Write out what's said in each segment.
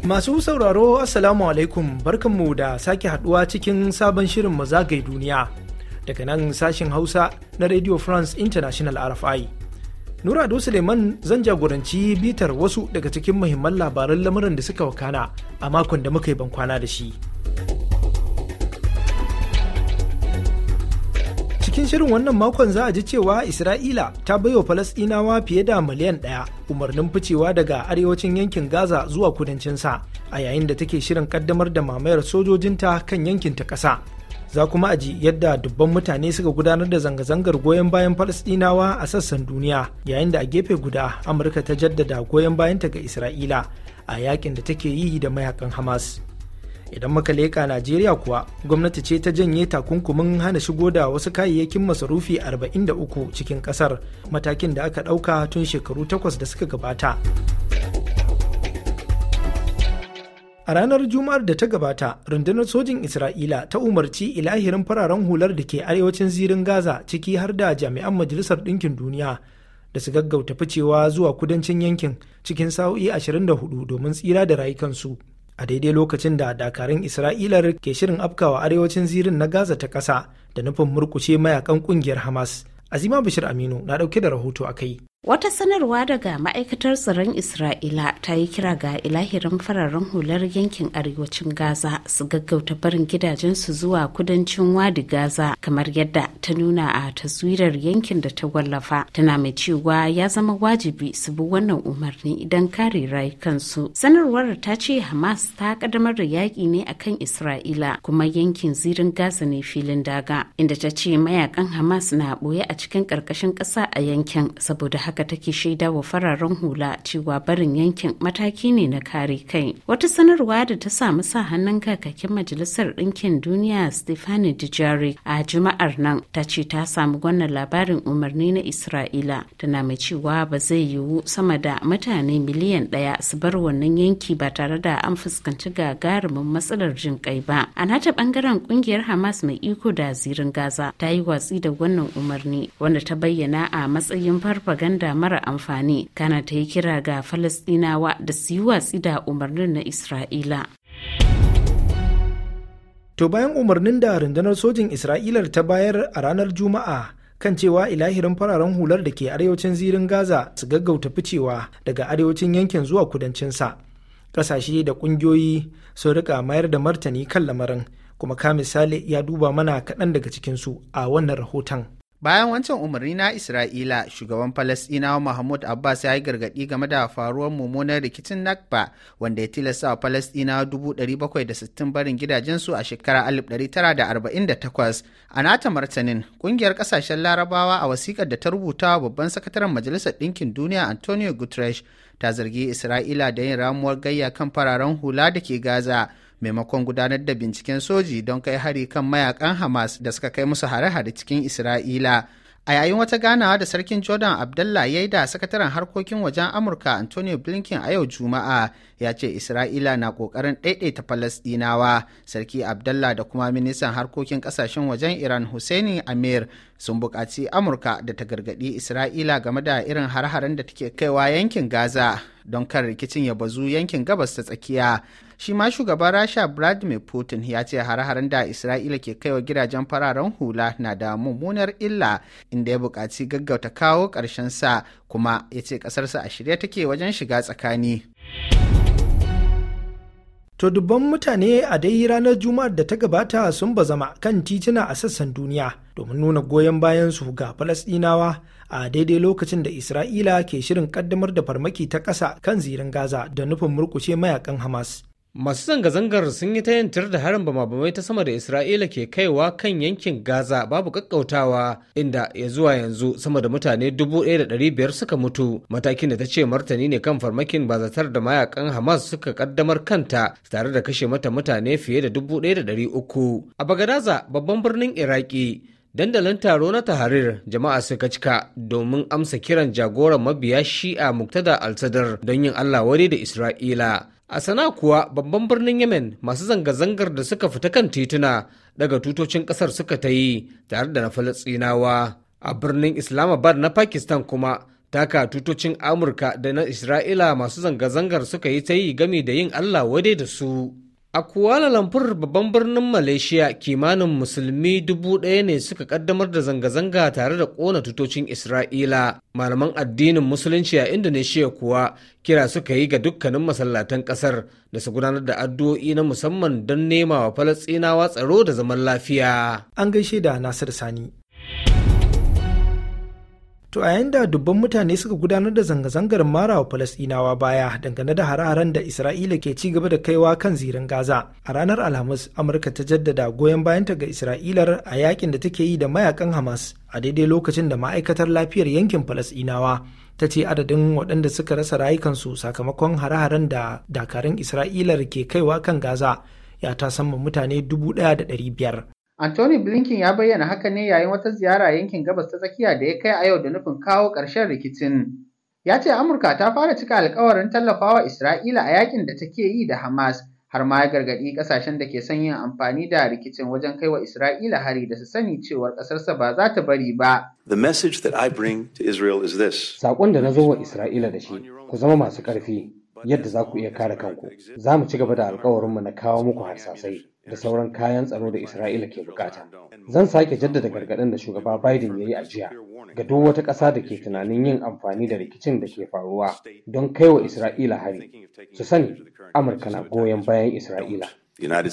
Masu sauraro Assalamu alaikum barkanmu da sake haduwa cikin sabon shirin mazagai duniya daga nan sashin Hausa na Radio France International RFI. Nura Ado Suleiman zan jagoranci bitar wasu daga cikin muhimman labaran lamuran da suka wakana a makon da muka yi bankwana da shi. cikin shirin wannan makon za a ji cewa Isra'ila ta baiwa Falasɗinawa fiye da miliyan ɗaya umarnin ficewa daga arewacin yankin Gaza zuwa kudancinsa a yayin da take shirin kaddamar da mamayar sojojinta kan yankin ta ƙasa. Za kuma a ji yadda dubban mutane suka gudanar da zanga-zangar goyon bayan Falasɗinawa a sassan duniya yayin da a gefe guda Amurka ta jaddada goyon bayanta ga Isra'ila a yakin da take yi da mayakan Hamas. idan muka leka najeriya kuwa gwamnati ce ta janye takunkumin hana shigo da wasu kayayyakin masarufi 43 cikin kasar matakin da aka ɗauka tun shekaru takwas da suka gabata a ranar juma'ar da ta gabata rundunar sojin isra'ila ta umarci ilahirin fararen hular da ke arewacin zirin gaza ciki har da jami'an majalisar ɗinkin duniya da su gaggauta ficewa zuwa kudancin yankin cikin sa'o'i 24 domin tsira da rayukansu a daidai lokacin da dakarun isra'ila ke shirin afkawa arewacin zirin na gaza ta ƙasa da nufin murkushe mayakan ƙungiyar hamas azima bashir aminu na ɗauke da rahoto a kai Wata sanarwa daga ma'aikatar tsaron Isra'ila ta yi kira ga ilahirin fararen hular yankin arewacin Gaza su gaggauta barin gidajensu zuwa kudancin wadi Gaza kamar yadda ta nuna a taswirar yankin da ta wallafa. Tana mai cewa ya zama wajibi su bi wannan umarni idan kare rayukansu. Sanarwar ta ce Hamas ta kaddamar da yaƙi ne akan Isra'ila kuma yankin zirin Gaza ne filin daga inda ta ce mayakan Hamas na ɓoye a cikin ƙarƙashin ƙasa a yankin saboda haka take shaida wa fararen hula cewa barin yankin mataki ne na kare kai wata sanarwa da ta samu sa hannun kakakin majalisar ɗinkin duniya stefani dijari a juma'ar nan ta ce ta samu wannan labarin umarni na isra'ila tana mai cewa ba zai yiwu sama da mutane miliyan ɗaya su bar wannan yanki ba tare da an fuskanci gagarumin matsalar jin kai ba a nata bangaren kungiyar hamas mai iko da zirin gaza ta yi watsi da wannan umarni wanda ta bayyana a matsayin farfaganda propaganda mara amfani kana ta yi kira ga falasɗinawa da su yi watsi da umarnin na isra'ila to bayan umarnin da rundunar sojin isra'ilar ta bayar a ranar juma'a kan cewa ilahirin fararen hular da ke arewacin zirin gaza su gaggauta ficewa daga arewacin yankin zuwa kudancinsa ƙasashe da ƙungiyoyi sun rika mayar da martani kan lamarin kuma kamis misali ya duba mana kaɗan daga cikinsu a wannan rahoton. Bayan wancan umarni na Isra'ila, shugaban Falasɗinawa Mahmud Abbas ya yi gargaɗi game da faruwar mummunar rikicin Nakba wanda ya tilasta wa Falasɗinawa 760 barin gidajensu a shekarar 1948. A nata martanin, ƙungiyar ƙasashen Larabawa a wasiƙar da ta rubuta wa babban sakataren Majalisar Ɗinkin Duniya Antonio Guterres ta zargi Isra'ila da yin ramuwar gayya kan fararen hula da ke Gaza. maimakon gudanar da binciken soji don kai hari kan mayakan hamas da suka kai musu hare-hare cikin isra'ila a yayin wata ganawa da sarkin jordan abdullah ya yi da sakataren harkokin wajen amurka antonio blinken a yau juma'a ya ce isra'ila na kokarin ɗaiɗaita Falasdinawa, sarki abdullah da kuma ministan harkokin ƙasashen wajen iran hussein amir sun buƙaci amurka da ta gargaɗi isra'ila game da irin har-haren da take kaiwa yankin gaza don kan rikicin ya bazu yankin gabas ta tsakiya shi ma shugaban rasha vladimir putin ya ce har-haren da isra'ila ke kaiwa gidajen fararen hula na da mummunar illa inda ya buƙaci gaggauta kawo ƙarshen sa kuma ya ce ƙasarsa a shirya take wajen shiga tsakani. To dubban mutane a dai ranar Juma'ar da ta gabata sun bazama kan tituna a sassan duniya domin nuna goyon bayan su ga Falasɗinawa a daidai lokacin da Isra'ila ke shirin kaddamar da farmaki ta ƙasa kan zirin Gaza da nufin murkushe mayakan Hamas. Masu zanga-zangar sun yi ta yantar da harin bamabamai ta sama da Isra'ila ke kaiwa kan yankin Gaza babu kakkautawa inda ya zuwa yanzu sama da mutane 1,500 suka mutu matakin da ta ce martani ne kan farmakin bazatar da mayakan Hamas suka kaddamar kanta tare da kashe mata mutane fiye da 1,300. A Bagadaza babban birnin Iraki dandalin taro na taharir jama'a suka cika domin amsa kiran jagoran mabiya shi'a muktada al-sadar don yin allah wari da isra'ila A sana kuwa babban birnin Yemen masu zanga-zangar da suka fita kan tituna daga tutocin ƙasar suka ta yi tare da na Falasɗinawa. A birnin Islamabad na Pakistan kuma taka tutocin Amurka da na Isra'ila masu zanga-zangar suka yi ta yi game da yin Allah wade da su. A Kuala Lumpur babban birnin Malaysia kimanin musulmi dubu ɗaya ne suka kaddamar da zanga-zanga tare da ƙona tutocin Isra'ila. Malaman addinin Musulunci a Indonesia kuwa kira suka yi ga dukkanin masallatan ƙasar da su gudanar da addu'o'i na musamman don nema wa Falasɗinawa tsaro da zaman lafiya. An gaishe da Nasir Sani. To a yayin da dubban mutane suka gudanar da zanga-zangar marawa Falasɗinawa baya dangane da hare-haren da Isra'ila ke ci gaba da kaiwa kan zirin Gaza. A ranar Alhamis, Amurka ta jaddada goyon bayanta ga Isra'ilar a yakin da take yi da mayakan Hamas a daidai lokacin da ma'aikatar lafiyar yankin Falasɗinawa ta ce adadin waɗanda suka rasa rayukansu sakamakon hare-haren da dakarun Isra'ilar ke kaiwa kan Gaza ya ta mutane dubu ɗaya da ɗari biyar. Anthony Blinken ya bayyana haka ne yayin wata ziyara a yankin gabas ta tsakiya da ya kai a yau da nufin kawo ƙarshen rikicin. Ya ce Amurka ta fara cika alkawarin tallafawa Isra'ila a yakin da take yi da Hamas, har ma ya gargaɗi ƙasashen da ke son yin amfani da rikicin wajen kai wa Isra'ila hari da su sani cewar ƙasarsa ba za ta bari ba. The message that I bring to Israel is this. Saƙon da na zo wa Isra'ila da shi, ku zama masu ƙarfi, yadda za ku iya kare kanku. Za mu ci gaba da alkawarinmu na kawo muku harsasai da sauran kayan tsaro da Isra'ila ke bukata. Zan sake jaddada gargaɗin da shugaba Biden ya yi a jiya ga duk wata ƙasa da ke tunanin yin amfani da rikicin da ke faruwa don kai wa Isra'ila hari. Su sani, Amurka na goyon bayan Isra'ila. United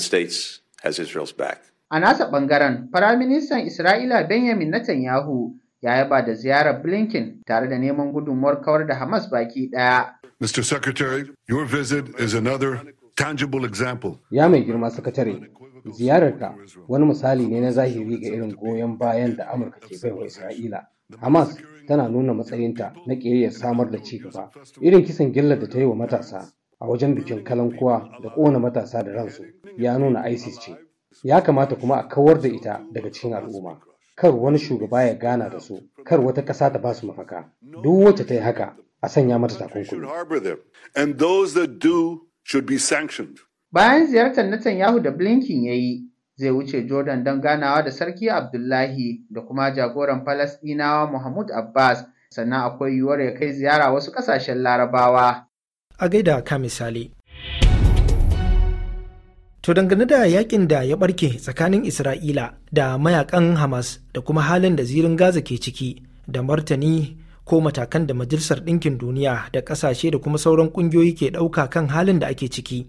A nasa ɓangaren, Firaministan Isra'ila Benjamin Netanyahu ya yaba da ziyarar Blinken tare da neman gudunmuwar kawar da Hamas baki ɗaya. Mr. Secretary, your visit is another tangible example. Ya mai girma sakatare, ziyararka wani misali ne na zahiri ga irin goyon bayan da Amurka ke baiwa Isra'ila. Hamas tana nuna matsayinta na ƙiyayyar samar da ci gaba, irin kisan gillar da ta yi wa matasa a wajen bikin kalankuwa da ƙona matasa da ransu ya nuna ISIS ce. Ya kamata kuma a kawar da ita daga cikin al'umma. kar wani shugaba ya gana da su kar wata ƙasa ta basu mafaka duk wacce ta yi haka a sanya mata takunkumi. Bayan ziyartar Netanyahu da Blinken ya yi, zai wuce Jordan don ganawa da Sarki Abdullahi da kuma jagoran Falasɗinawa Muhammad Abbas, sannan akwai yiwuwar ya kai ziyara wasu ƙasashen Larabawa. A gaida ka misali, To dangane da yakin da ya barke tsakanin Isra'ila da mayakan Hamas da kuma halin da zirin Gaza ke ciki da martani ko matakan da Majalisar Ɗinkin Duniya da ƙasashe da kuma sauran ƙungiyoyi ke ɗauka kan halin da ake ciki.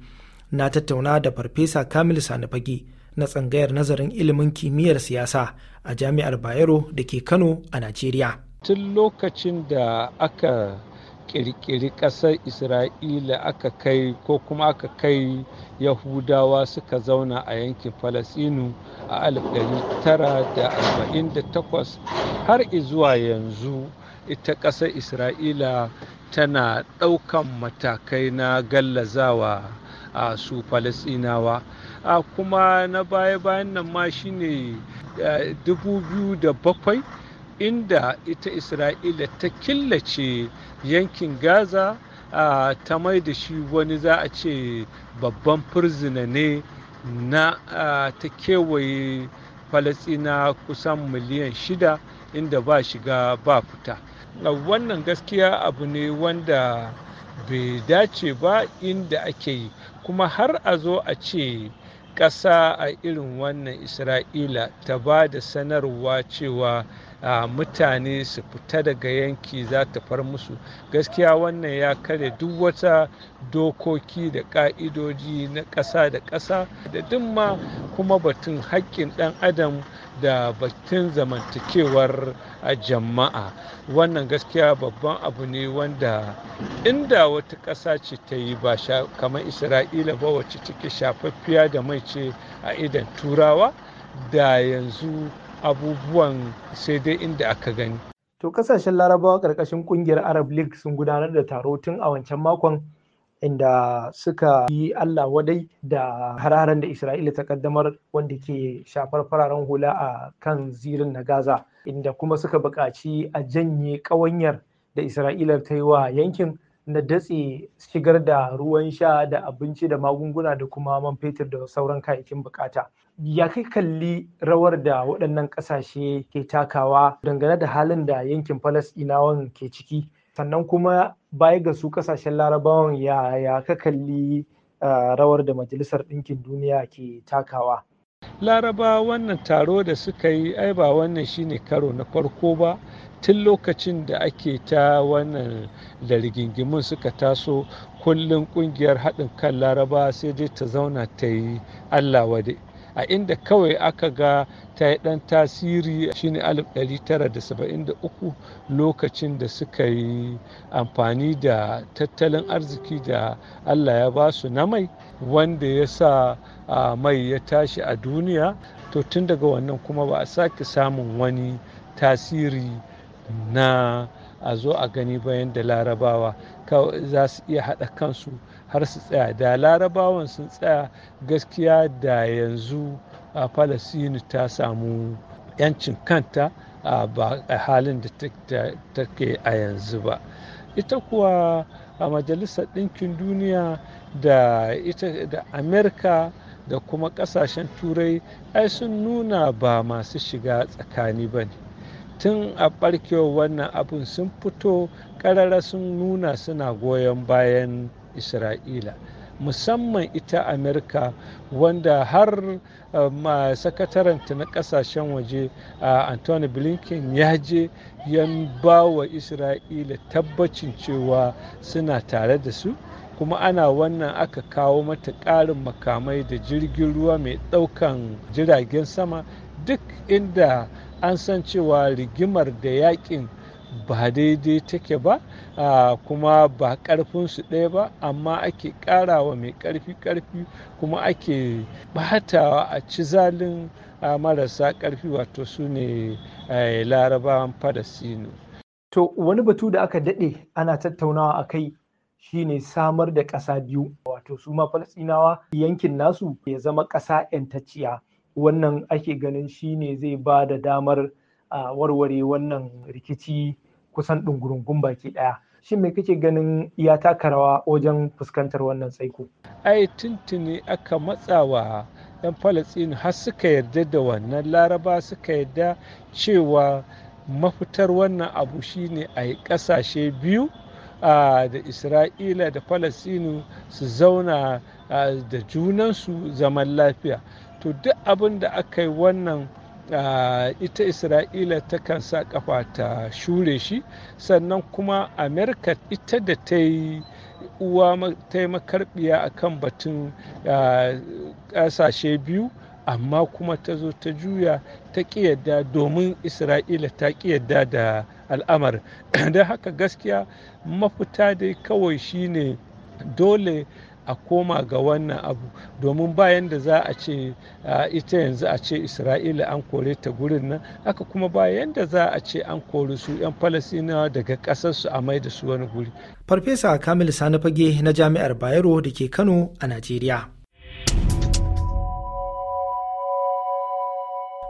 Na tattauna da Farfesa Kamil Sanifagi na tsangayar nazarin ilimin kimiyyar siyasa a Jami'ar Bayero da ke Kano a Najeriya. Tun lokacin da aka kirkiri ƙasar isra'ila aka kai ko kuma aka kai yahudawa suka zauna a yankin falasinu a 1948 har izuwa yanzu ita ƙasar isra'ila tana ɗaukan matakai na gallazawa a su falasinawa a kuma na baya-bayan nan ma shine 2007 eh, inda ita isra'ila ta killace yankin gaza a ta mai da shi wani za a ce babban furzina ne na ta kewaye falasina kusan miliyan shida inda ba shiga ba fita wannan gaskiya abu ne wanda bai dace ba inda ake yi kuma har a zo a ce ƙasa a irin wannan isra'ila ta ba da sanarwa cewa mutane su fita daga yanki za ta far musu gaskiya wannan ya kare duk wata dokoki da ƙa'idoji na ƙasa da ƙasa da dimma kuma batun haƙƙin ɗan adam da batun zamantakewar jama'a wannan gaskiya babban abu ne wanda inda wata ƙasa ce ta yi ba kamar isra'ila ba wacce take shafaffiya da mai ce a idan turawa da yanzu abubuwan sai dai inda aka gani to kasashen larabawa ƙarƙashin ƙungiyar arab league sun gudanar da taro tun a wancan makon inda suka yi Allah wadai da hararen da Isra'ila ta kaddamar wanda ke shafar fararen hula a kan zirin na Gaza inda kuma suka buƙaci a janye ƙawanyar da Isra'ila ta yi wa yankin na datse shigar da ruwan sha da abinci da magunguna da kuma man fetur da sauran kayayyakin bukata. Ya kai kalli rawar da waɗannan ƙasashe ke takawa dangane da halin da yankin Falasɗinawan ke ciki sannan kuma baya ga su ƙasashen larabawan ya ya ka kalli eh, rawar da majalisar ɗinkin duniya ke takawa laraba wannan taro da suka yi ai ba wannan shine karo na farko ba tun lokacin da ake ta wannan da rigingimun suka taso kullum ƙungiyar haɗin kan laraba sai dai ta zauna ta yi allah wade a inda kawai aka ga ta yi ɗan tasiri shine 1973 lokacin da suka yi amfani da tattalin arziki da allah ya ba su na mai wanda ya sa mai ya tashi a duniya to tun daga wannan kuma ba a sake samun wani tasiri na a zo a gani bayan da larabawa za su iya haɗa kansu har su tsaya da larabawan sun tsaya gaskiya da yanzu a falasini ta samu 'yancin kanta a halin da take a yanzu ba ita kuwa a majalisar ɗinkin duniya da ita da amerika da kuma ƙasashen turai ai sun nuna ba masu shiga tsakani ba ne tun a barkewar wannan abin sun fito karara sun nuna suna goyon bayan isra'ila musamman ita amerika wanda har eh, ma sakataranta na kasashen waje a anthony blinken ya je yan ba wa isra'ila tabbacin cewa suna tare da su kuma ana wannan aka kawo mata ƙarin makamai da jirgin ruwa mai ɗaukan jiragen sama duk inda an san cewa rigimar da yakin ba daidai take ba kuma ba ƙarfinsu ɗaya ba amma ake ƙarawa mai ƙarfi karfi kuma ake batawa a ci zalin marasa ƙarfi wato su ne larabawan farasino to wani batu da aka daɗe ana tattaunawa a kai shine samar da ƙasa biyu wato su ma falasinawa yankin nasu ya zama ƙasa 'yantacciya wannan ake ganin shi ne zai ba da damar a warware wannan rikici kusan ɗungurungun baki ɗaya shin me kake ganin ya taka rawa wajen fuskantar wannan tsaiko ai tuntuni aka matsawa yan falastin har suka yarda da wannan laraba suka yarda cewa mafitar wannan abu shine a yi ƙasashe biyu da isra'ila da falasinu su zauna da junansu zaman lafiya to duk abin da aka yi wannan ita isra'ila takan sa kafa ta shure shi sannan kuma amerika ita da ta yi uwa ta yi makarbiya a kan batun ƙasashe biyu amma kuma ta zo ta juya ta ƙiyadda domin isra'ila ta ƙiyadda da al'amar don haka gaskiya mafita dai kawai shine dole a koma ga wannan abu domin bayan da za a ce ita yanzu a ce isra'ila an kore ta gurin nan haka kuma bayan da za a ce an kori su 'yan falasinawa daga ƙasarsu a mai da su wani guri farfesa kamil sani fage na jami'ar bayero da ke kano a najeriya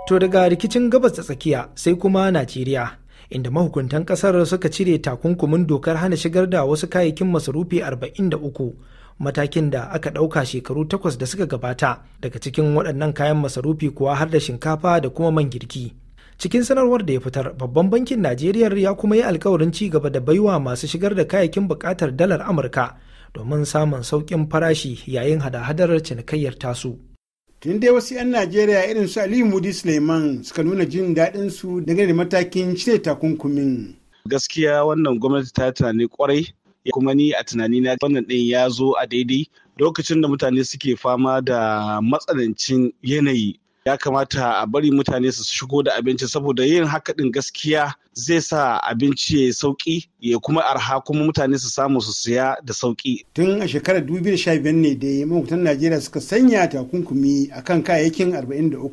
To daga rikicin gabas da tsakiya sai kuma Najeriya, inda mahukuntan kasar suka cire takunkumin dokar hana shigar da wasu kayayyakin masarufi 43 matakin da aka ɗauka shekaru takwas da suka gabata daga cikin waɗannan kayan masarufi kuwa har da shinkafa da kuma man girki cikin sanarwar da ya fitar babban bankin najeriya ya kuma yi alkawarin ci gaba da baiwa masu shigar da kayayyakin buƙatar dalar amurka domin samun sauƙin farashi yayin hada-hadar cinikayyar tasu tun dai wasu 'yan najeriya irin su aliyu mudi suleiman suka nuna jin daɗin su da matakin cire takunkumin gaskiya wannan gwamnati ta tunani kwarai kuma ni a tunani tunanina wannan din ya zo a daidai lokacin da mutane suke fama da matsanancin yanayi ya kamata a bari mutane su shigo da abinci saboda yin haka din gaskiya zai sa abinci ya sauki ya kuma arha kuma mutane su samu su saya da sauki. Tun a shekarar 2015 ne da mahutan Najeriya suka sanya takunkumi a kan kayayyakin 43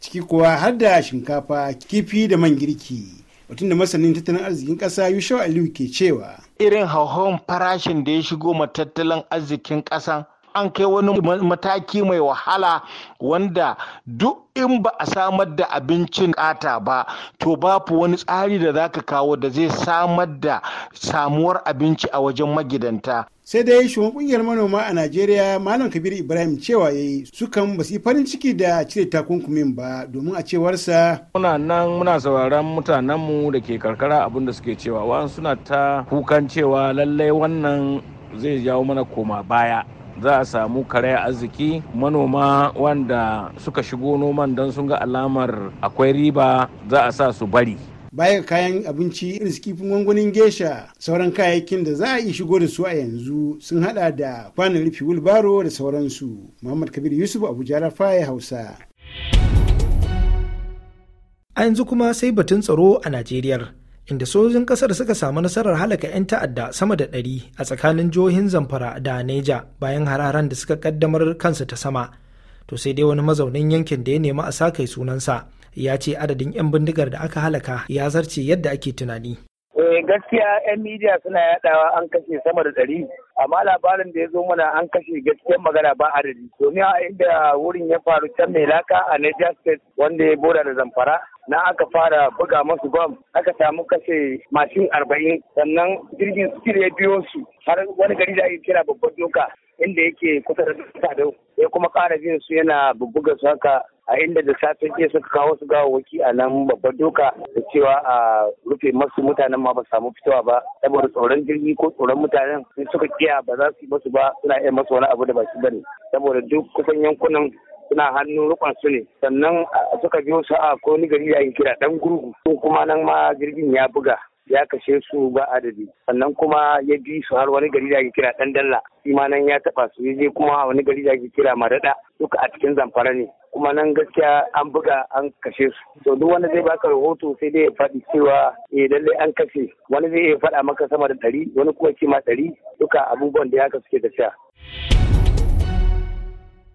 ciki kuwa har da shinkafa kifi da man girki. mutum da masanin tattalin arzikin ƙasa yushau aliyu ke cewa irin hauhawan farashin da ya shigo ma tattalin arzikin ƙasa an kai wani mataki mai wahala wanda duk in ba a samar da abincin kata ba to babu wani tsari da zaka kawo da zai samar da samuwar abinci a wajen magidanta sai dai shugaban kungiyar manoma a najeriya malam kabir ibrahim cewa ya yi sukan basu yi farin ciki da cire takunkumin ba domin a cewarsa muna nan muna sauraron mutanenmu da ke karkara abin da suke cewa wa suna ta kukan cewa lallai wannan zai jawo mana koma baya za a samu karaya arziki manoma wanda suka shigo noman don sun ga alamar akwai riba za a sa su bari baya kayan abinci irin su kifin gwangwanin gesha sauran kayayyakin da za a yi shigo da su a yanzu sun hada da kwanan rufi wilbaro da sauransu muhammad kabir yusuf abuja rafaya hausa a yanzu kuma sai batun tsaro a najeriya inda sojojin kasar suka samu nasarar halaka 'yan ta'adda sama da ɗari a tsakanin jihohin zamfara da neja bayan hararen da suka kaddamar kansu ta sama to sai dai wani mazaunin yankin da ya nemi a sa kai sunansa ya ce adadin 'yan bindigar da aka halaka ya zarce yadda ake tunani gaskiya 'yan midiya suna yadawa an kashe sama da ɗari amma labarin da ya zo mana an kashe gaskiyar magana ba adadi domin a inda wurin ya faru can mai laka a Niger State wanda ya bora da zamfara na aka fara buga masu bom aka samu kashe mashin arba'in sannan jirgin stil ya biyo su har wani gari da ake kira babban doka inda yake kusa da sadau ya kuma kara jin su yana bubbuga su haka a inda da safe ke suka kawo su ga waki a nan babban doka da cewa a rufe masu mutanen ma ba samu fitowa ba saboda tsoron jirgi ko tsoron mutanen sun suka kiya ba za su yi masu ba suna iya masu wani abu da ba shi bane saboda duk kusan yankunan suna hannun rukon su ne sannan suka biyo su a ko ni gari yayin kira dan gurgu ko kuma nan ma jirgin ya buga ya kashe su ba adadi sannan kuma ya bi su har wani gari da ake kira dan dalla shi ma nan ya taba su ya je kuma wani gari da ake kira madada duka a cikin zamfara ne kuma nan gaskiya an buga an kashe su to duk wanda zai baka rahoto sai dai ya faɗi cewa eh lalle an kashe wani zai iya faɗa maka sama da ɗari wani kuma ce ma ɗari duka abubuwan da haka suke tafiya.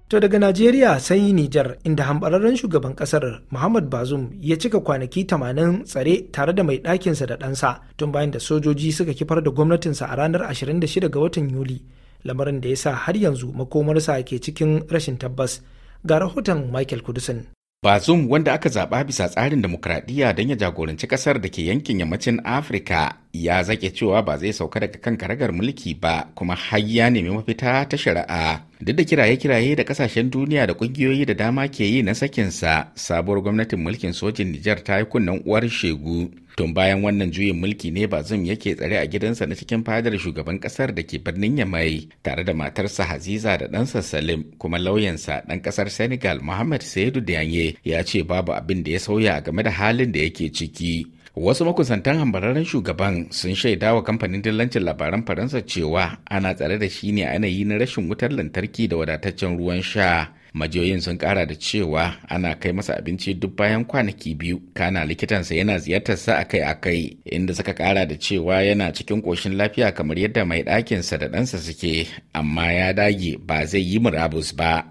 To daga Najeriya sanyi Nijar inda hambararren shugaban kasar Muhammad Bazum ya cika kwanaki 80 tsare tare da mai ɗakinsa da ɗansa tun bayan da sojoji suka kifar da gwamnatinsa a ranar 26 ga watan Yuli lamarin da ya sa har yanzu makomarsa ke cikin rashin tabbas ga rahoton Michael Kudusin. Bazum wanda aka zaɓa bisa tsarin demokradiyya don ya jagoranci ƙasar da ke yankin yammacin Afirka ya zake cewa ba zai sauka daga kan karagar mulki ba kuma har ya nemi mafita ta shari'a duk da kiraye-kiraye da kasashen duniya da kungiyoyi da dama ke yi na sakinsa sabuwar gwamnatin mulkin sojin nijar ta yi kunnen uwar shegu tun bayan wannan juyin mulki ne ba bazum yake tsare a gidansa na cikin fadar shugaban kasar da ke birnin yamai tare da matarsa haziza da ɗansa salim kuma lauyansa ɗan ƙasar senegal Mohammed saidu Dianye ya ce babu abin da ya sauya game da halin da yake ciki Wasu makusantan hambararren shugaban sun shaida wa kamfanin dillancin labaran Faransa cewa ana tsare da shi ne a yanayi na rashin wutar lantarki da wadataccen ruwan sha. Majiyoyin sun kara da cewa ana kai masa abinci duk bayan kwanaki biyu, kana likitansa yana ziyartar sa akai-akai, inda suka kara da cewa yana cikin ƙoshin lafiya kamar yadda mai ɗakinsa da ɗansa suke, amma ya dage ba zai yi murabus ba.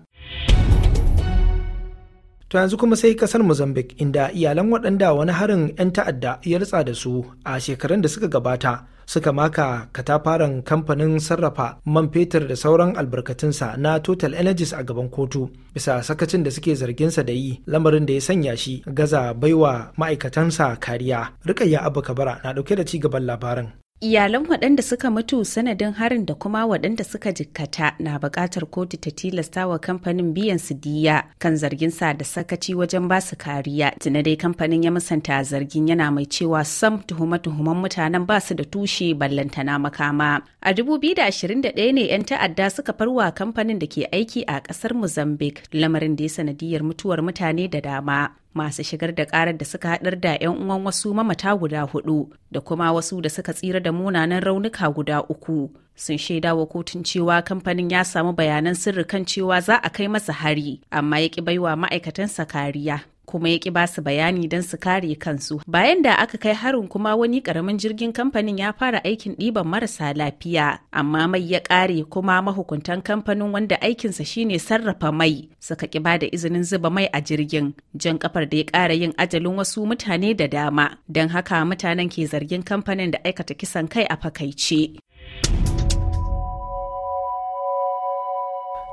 To yanzu kuma sai kasar Mozambique inda iyalan waɗanda wani harin 'yan ta'adda ya ritsa da su a shekarun da suka gabata suka maka katafaren kamfanin sarrafa man fetur da sauran albarkatunsa na Total Energies a gaban kotu bisa sakacin da suke zarginsa da yi lamarin da ya sanya shi gaza baiwa ma'aikatansa kariya. Rikayya Abu Kabara na ɗauke da ci gaban labarin. Iyalan waɗanda suka mutu sanadin harin da kuma waɗanda suka jikkata na buƙatar kotu ta tilasta wa kamfanin biyan su diya kan zargin sa da sakaci wajen ba su kariya. Tuna dai kamfanin ya musanta zargin yana mai cewa sam tuhuma tuhuman mutanen ba su da tushe ballantana makama. A dubu da 2021 ne 'yan ta'adda suka farwa kamfanin da ke aiki a ƙasar Mozambique lamarin da ya sanadiyar mutuwar mutane da dama. masu shigar da karar da suka haɗar da 'yan uwan wasu mamata guda hudu da kuma wasu da suka tsira da munanan raunuka guda uku sun shaida wa kotun cewa kamfanin ya samu bayanan sirri kan cewa za a kai masa hari amma ya ki baiwa ma'aikatansa kariya kuma ya ki basu bayani don su kare kansu. Bayan da aka kai harin kuma wani karamin jirgin kamfanin ya fara aikin ɗiban marasa lafiya, amma mai ya ƙare kuma mahukuntan kamfanin wanda aikinsa shine sarrafa mai suka ba da izinin zuba mai a jirgin. Jan kafar da ya ƙara yin ajalin wasu mutane da dama, don haka mutanen ke zargin kamfanin da aikata kisan kai a fakaice.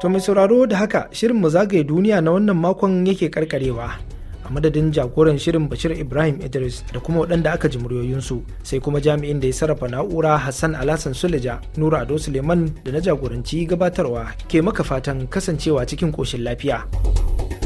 To mai sauraro da haka shirin mu zagaye duniya na wannan makon yake karkarewa. a madadin jagoran shirin bashir ibrahim idris da kuma waɗanda aka ji muryoyinsu sai kuma jami'in da ya sarrafa na'ura hassan alhassan suleja nura ado suleiman da na jagoranci gabatarwa ke maka fatan kasancewa cikin ƙoshin lafiya.